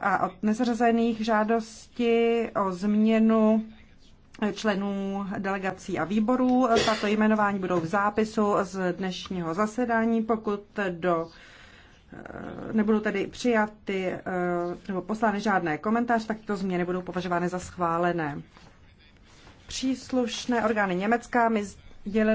a od nezřazených žádosti o změnu členů delegací a výborů. Tato jmenování budou v zápisu z dnešního zasedání, pokud do eh, nebudou tedy přijaty eh, nebo poslány žádné komentář, tak tyto změny budou považovány za schválené. Příslušné orgány Německa mi